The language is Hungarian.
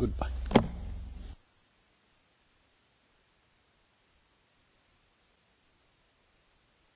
Goodbye.